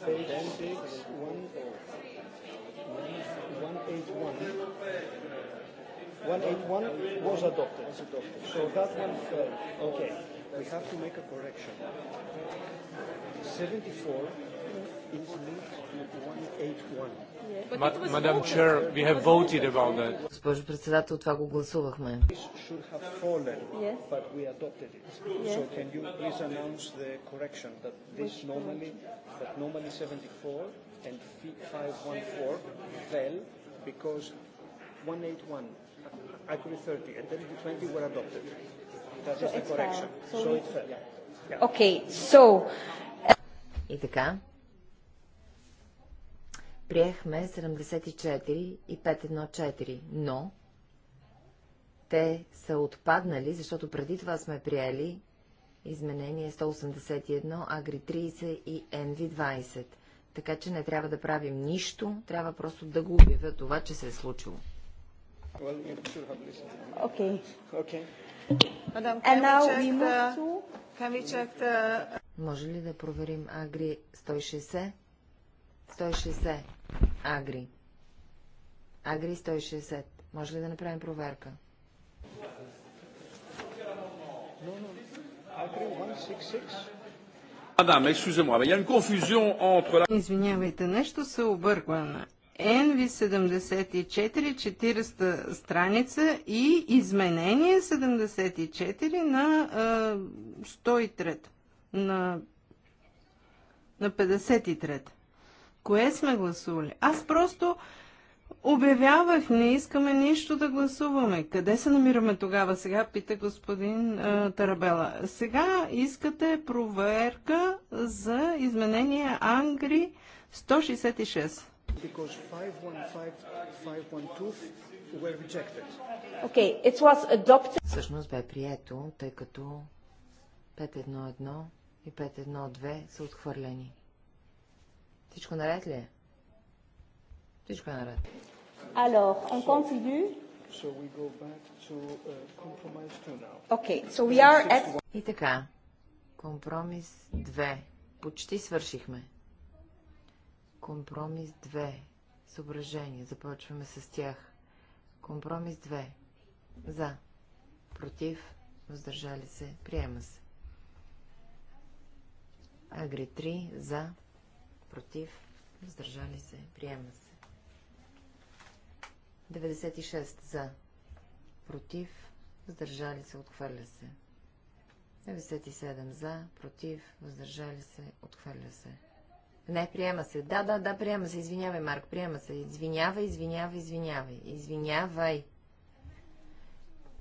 Okay. 181 was adopted. So that one fell. Okay. We have to make a correction. 74 is linked to 181. Madam Chair, we have voted about that. Госпожо председател, това го гласувахме. should have fallen, yes. but we adopted it. Yes. So can you please announce the correction that this normally, that normally 74 and 514 fell because 181 Agri 30 and Agri 20 were adopted. That so is the correction. So, so it's fair. Yeah. Yeah. Okay, so... И така. Приехме 74 и 514, но те са отпаднали, защото преди това сме приели изменение 181, Агри 30 и НВ 20. Така че не трябва да правим нищо, трябва просто да го обявя това, че се е случило. Well, you should Okay. Okay. Can we check the... Може ли да проверим Агри 160? 160. Агри. Агри 160. Може ли да направим проверка? Извинявайте, нещо се обърква. NV74, 400 страница и изменение 74 на 103, на, на 53. Кое сме гласували? Аз просто обявявах, не искаме нищо да гласуваме. Къде се намираме тогава? Сега пита господин а, Тарабела. Сега искате проверка за изменение Ангри 166. Because 515 were rejected. Okay, it was adopted. Всъщност бе прието, тъй като 511 и 512 са отхвърлени. Всичко наред ли е? Всичко е наред. Alors, on continue. So we go back to uh, compromise 2 now. Okay, so we are at... И така, компромис 2. Почти свършихме. Компромис 2. Съображение. Започваме с тях. Компромис 2. За. Против. Въздържали се. Приема се. Агри 3. За. Против. Въздържали се. Приема се. 96 за. Против. Въздържали се. Отхвърля се. 97 за. Против. Въздържали се. Отхвърля се. Не, приема се. Да, да, да, приема се. Извинявай, Марк, приема се. Извинявай, извинявай, извинявай. Извинявай.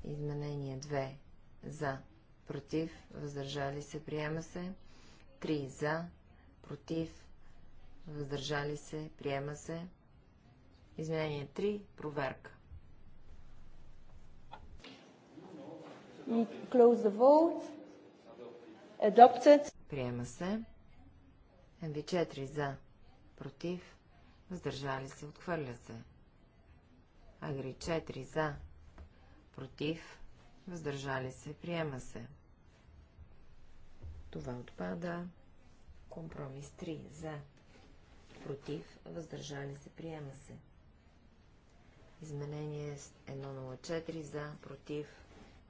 Изменение 2. За. Против. Въздържали се. Приема се. 3. За. Против. Въздържали се. Приема се. Изменение 3. Проверка. Close the vote. Adopted. Приема се. МВ4 за, против, въздържали се, отхвърля се. Агри 4 за, против, въздържали се, приема се. Това отпада. Компромис 3 за, против, въздържали се, приема се. Изменение 104 за, против,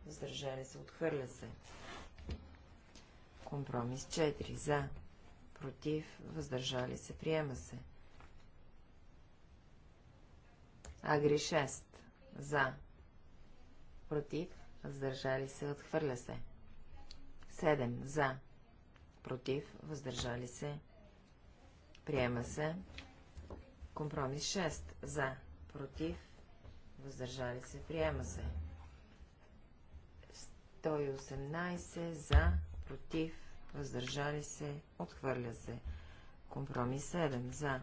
въздържали се, отхвърля се. Компромис 4 за, против, въздържали се, приема се. Агри 6. За. Против, въздържали се, отхвърля се. 7. За. Против, въздържали се, приема се. Компромис 6. За. Против, въздържали се, приема се. 118 за, против, въздържали се, отхвърля се. Компромис 7 за,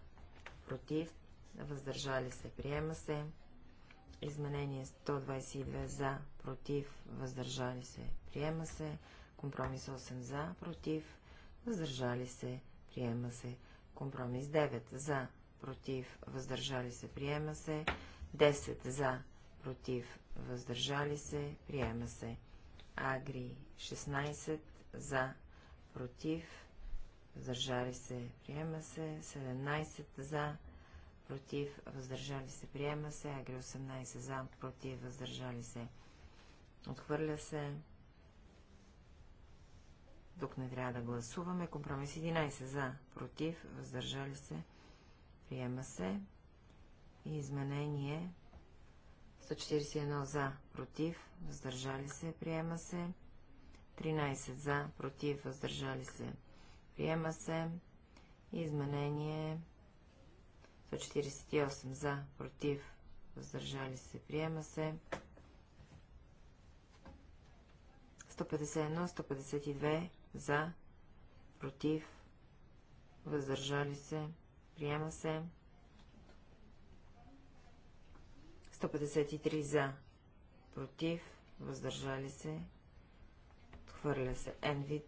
против, въздържали се, приема се. Изменение 122 за, против, въздържали се, приема се. Компромис 8 за, против, въздържали се, приема се. Компромис 9 за, против, въздържали се, приема се. 10 за, против, въздържали се, приема се. Агри 16 за, против, въздържали се, приема се, 17 за, против, въздържали се, приема се, агри 18 за, против, въздържали се, отхвърля се. Тук не трябва да гласуваме. Компромис 11 за, против, въздържали се, приема се. И изменение 141 за, против, въздържали се, приема се. 13 за, против, въздържали се. Приема се. Изменение 148 за, против, въздържали се. Приема се. 151, 152 за, против, въздържали се. Приема се. 153 за, против, въздържали се. Отхвърля се. НВ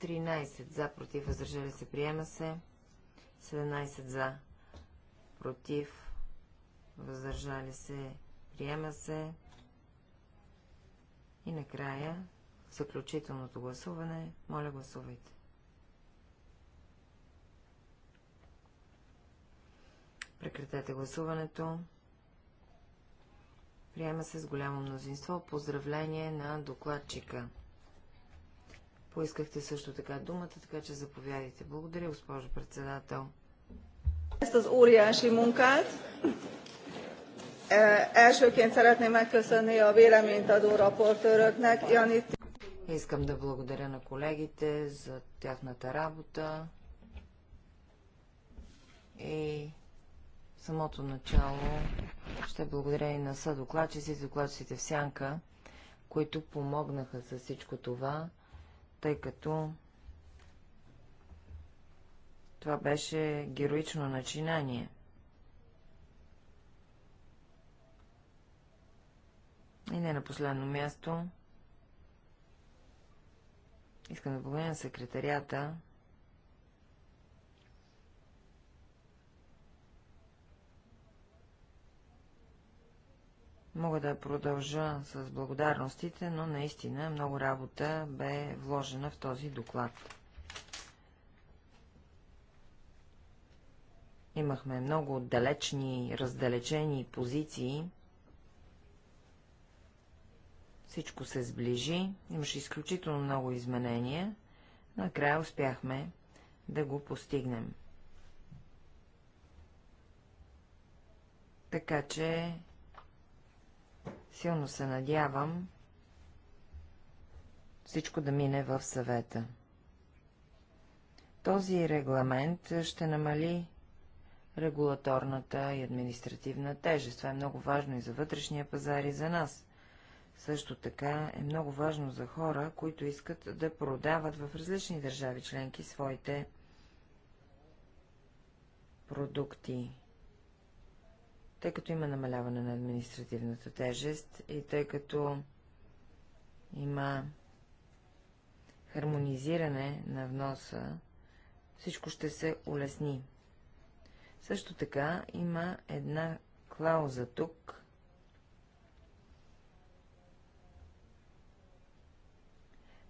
13 за, против, въздържали се, приема се. 17 за, против, въздържали се, приема се. И накрая, заключителното гласуване, моля гласувайте. Прекратете гласуването. Приема се с голямо мнозинство. Поздравление на докладчика. Поискахте също така думата, така че заповядайте. Благодаря, госпожо председател. Ezt az óriási munkát. Е, elsőként szeretném megköszönni a véleménytadó raportőröknek, Искам да благодаря на колегите за тяхната работа и в самото начало ще благодаря и на съдокладчиците, докладчиците в сянка, които помогнаха с всичко това тъй като това беше героично начинание. И не на последно място, искам да погледна секретарията Мога да продължа с благодарностите, но наистина много работа бе вложена в този доклад. Имахме много далечни, раздалечени позиции. Всичко се сближи, имаше изключително много изменения. Накрая успяхме да го постигнем. Така че Силно се надявам всичко да мине в съвета. Този регламент ще намали регулаторната и административна тежест. Това е много важно и за вътрешния пазар и за нас. Също така е много важно за хора, които искат да продават в различни държави членки своите продукти тъй като има намаляване на административната тежест и тъй като има хармонизиране на вноса, всичко ще се улесни. Също така има една клауза тук,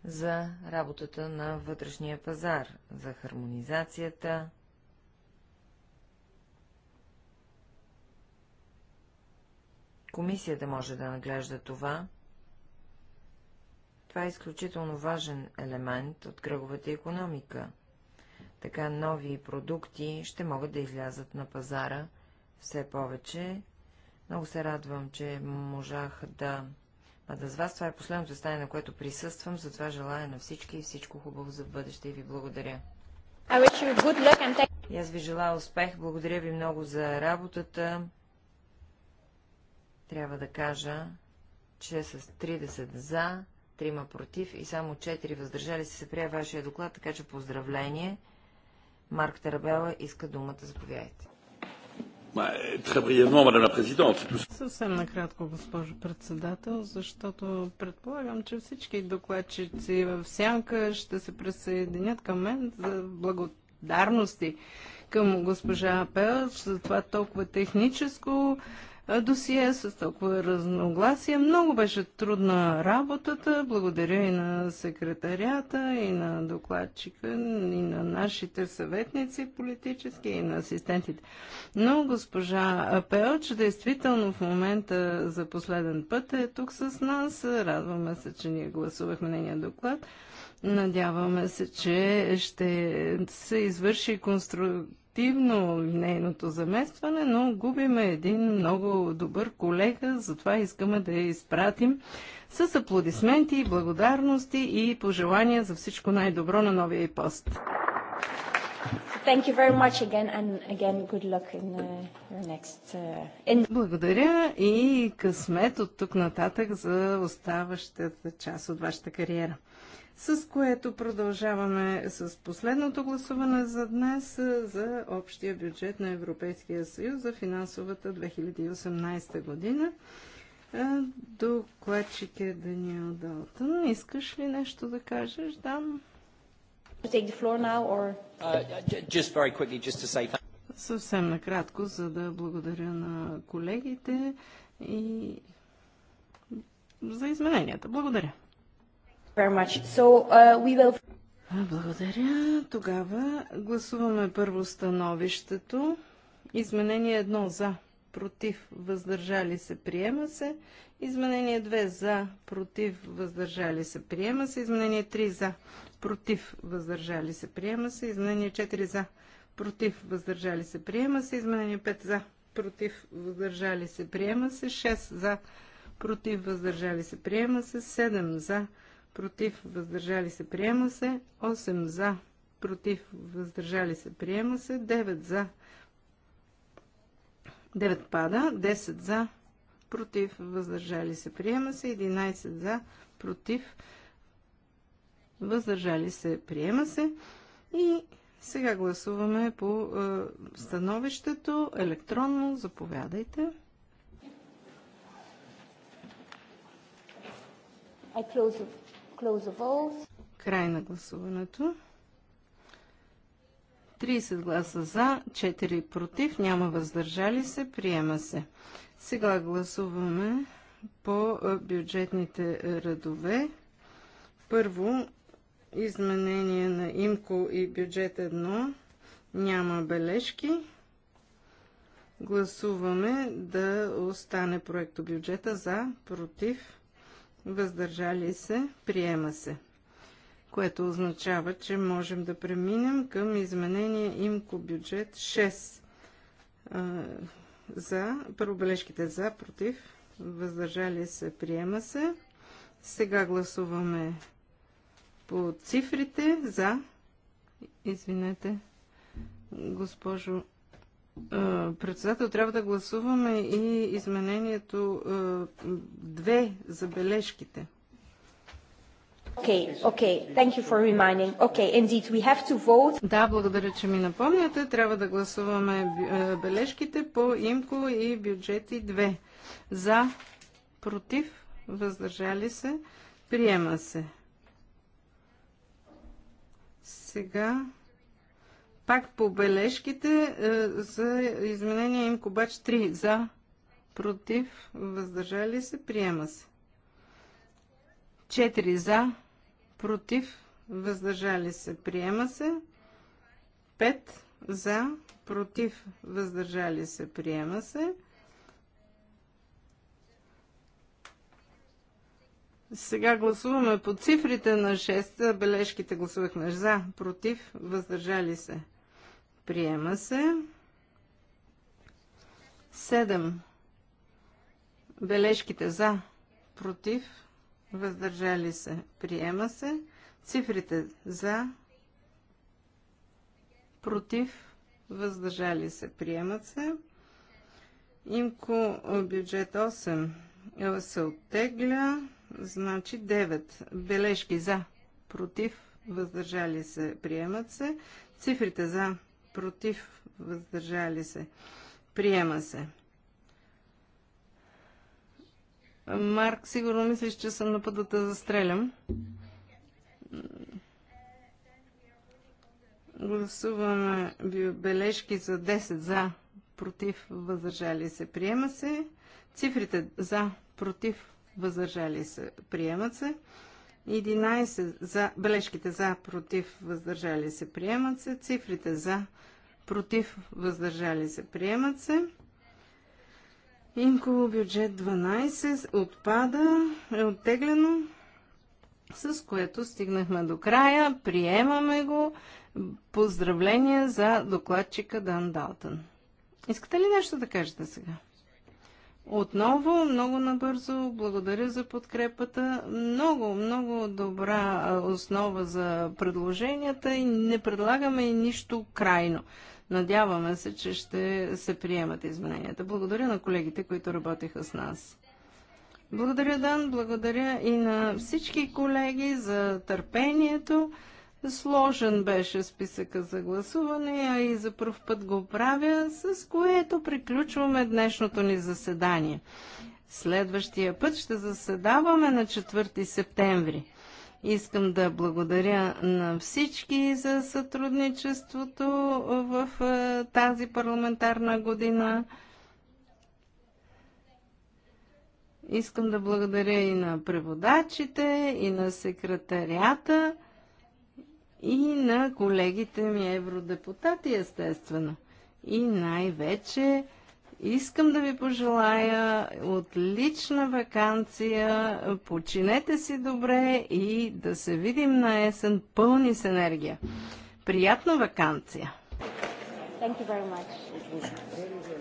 за работата на вътрешния пазар, за хармонизацията, Комисията може да наглежда това. Това е изключително важен елемент от кръговата економика. Така нови продукти ще могат да излязат на пазара все повече. Много се радвам, че можах да да с вас. Това е последното стане, на което присъствам. Затова желая на всички и всичко хубаво за бъдеще и ви благодаря. И аз ви желая успех. Благодаря ви много за работата трябва да кажа, че с 30 за, 3 против и само 4 въздържали се се прия вашия доклад, така че поздравление. Марк Тарабела иска думата, заповядайте. Съвсем накратко, госпожо председател, защото предполагам, че всички докладчици в Сянка ще се присъединят към мен за благодарности към госпожа Апел за това толкова техническо досие с толкова разногласия. Много беше трудна работата. Благодаря и на секретарията, и на докладчика, и на нашите съветници политически, и на асистентите. Но госпожа Пеоч действително в момента за последен път е тук с нас. Радваме се, че ние гласувахме нейния доклад. Надяваме се, че ще се извърши конструкция ефективно нейното заместване, но губиме един много добър колега, затова искаме да я изпратим с аплодисменти, благодарности и пожелания за всичко най-добро на новия и пост. Thank you very much again and again good luck in uh, your next uh, in... Благодаря и късмет от тук нататък за оставащата част от вашата кариера с което продължаваме с последното гласуване за днес е, за общия бюджет на Европейския съюз за финансовата 2018 година. Е, докладчик е Даниел Далтън. Искаш ли нещо да кажеш, Дан? Uh, Съвсем накратко, за да благодаря на колегите и за измененията. Благодаря. So, uh, will... Благодаря. Тогава гласуваме първо становището. Изменение едно за, против, въздържали се, приема се. Изменение 2 за, против, въздържали се, приема се. Изменение 3 за, против, въздържали се, приема се. Изменение 4 за, против, въздържали се, приема се. Изменение 5 за, против, въздържали се, приема се. 6 за, против, въздържали се, приема се. 7 за, против, против, въздържали се, приема се. 8 за, против, въздържали се, приема се. 9 за, 9 пада. 10 за, против, въздържали се, приема се. 11 за, против, въздържали се, приема се. И сега гласуваме по е, становището електронно. Заповядайте. I close it. Край на гласуването. 30 гласа за, 4 против, няма въздържали се, приема се. Сега гласуваме по бюджетните редове. Първо, изменение на ИМКО и бюджет 1. Няма бележки. Гласуваме да остане проекто бюджета за, против, въздържали се, приема се. Което означава, че можем да преминем към изменение имко бюджет 6. За, първобележките за, против, въздържали се, приема се. Сега гласуваме по цифрите за, извинете, госпожо Председател, трябва да гласуваме и изменението две забележките. Okay, okay. Thank you for reminding. Okay, indeed, we have to vote. Да, благодаря, че ми напомняте. Трябва да гласуваме бележките по имко и бюджети 2. За, против, въздържали се, приема се. Сега пак по бележките е, за изменение им кобач 3 за, против, въздържали се, приема се. 4 за, против, въздържали се, приема се. 5 за, против, въздържали се, приема се. Сега гласуваме по цифрите на 6. Бележките гласувахме за, против, въздържали се. Приема се. 7. Бележките за, против, въздържали се. Приема се. Цифрите за, против, въздържали се. Приемат се. Имко бюджет 8 се оттегля, значи 9. Бележки за, против, въздържали се, приемат се. Цифрите за, против, въздържали се, приема се. Марк, сигурно мислиш, че съм на път да те застрелям. Гласуваме бележки за 10 за, против, въздържали се, приема се. Цифрите за, против, въздържали се, приемат се. 11 за, бележките за, против, въздържали се, приемат се. Цифрите за, против, против, въздържали се, приемат се. Инково бюджет 12 отпада, е оттеглено, с което стигнахме до края, приемаме го. Поздравления за докладчика Дан Далтън. Искате ли нещо да кажете сега? Отново, много набързо, благодаря за подкрепата. Много, много добра основа за предложенията и не предлагаме нищо крайно. Надяваме се, че ще се приемат измененията. Благодаря на колегите, които работиха с нас. Благодаря, Дан. Благодаря и на всички колеги за търпението. Сложен беше списъка за гласуване, а и за първ път го правя, с което приключваме днешното ни заседание. Следващия път ще заседаваме на 4 септември. Искам да благодаря на всички за сътрудничеството в е, тази парламентарна година. Искам да благодаря и на преводачите, и на секретарията, и на колегите ми евродепутати, естествено. И най-вече Искам да ви пожелая отлична вакансия, починете си добре и да се видим на есен пълни с енергия. Приятна вакансия! Thank you very much.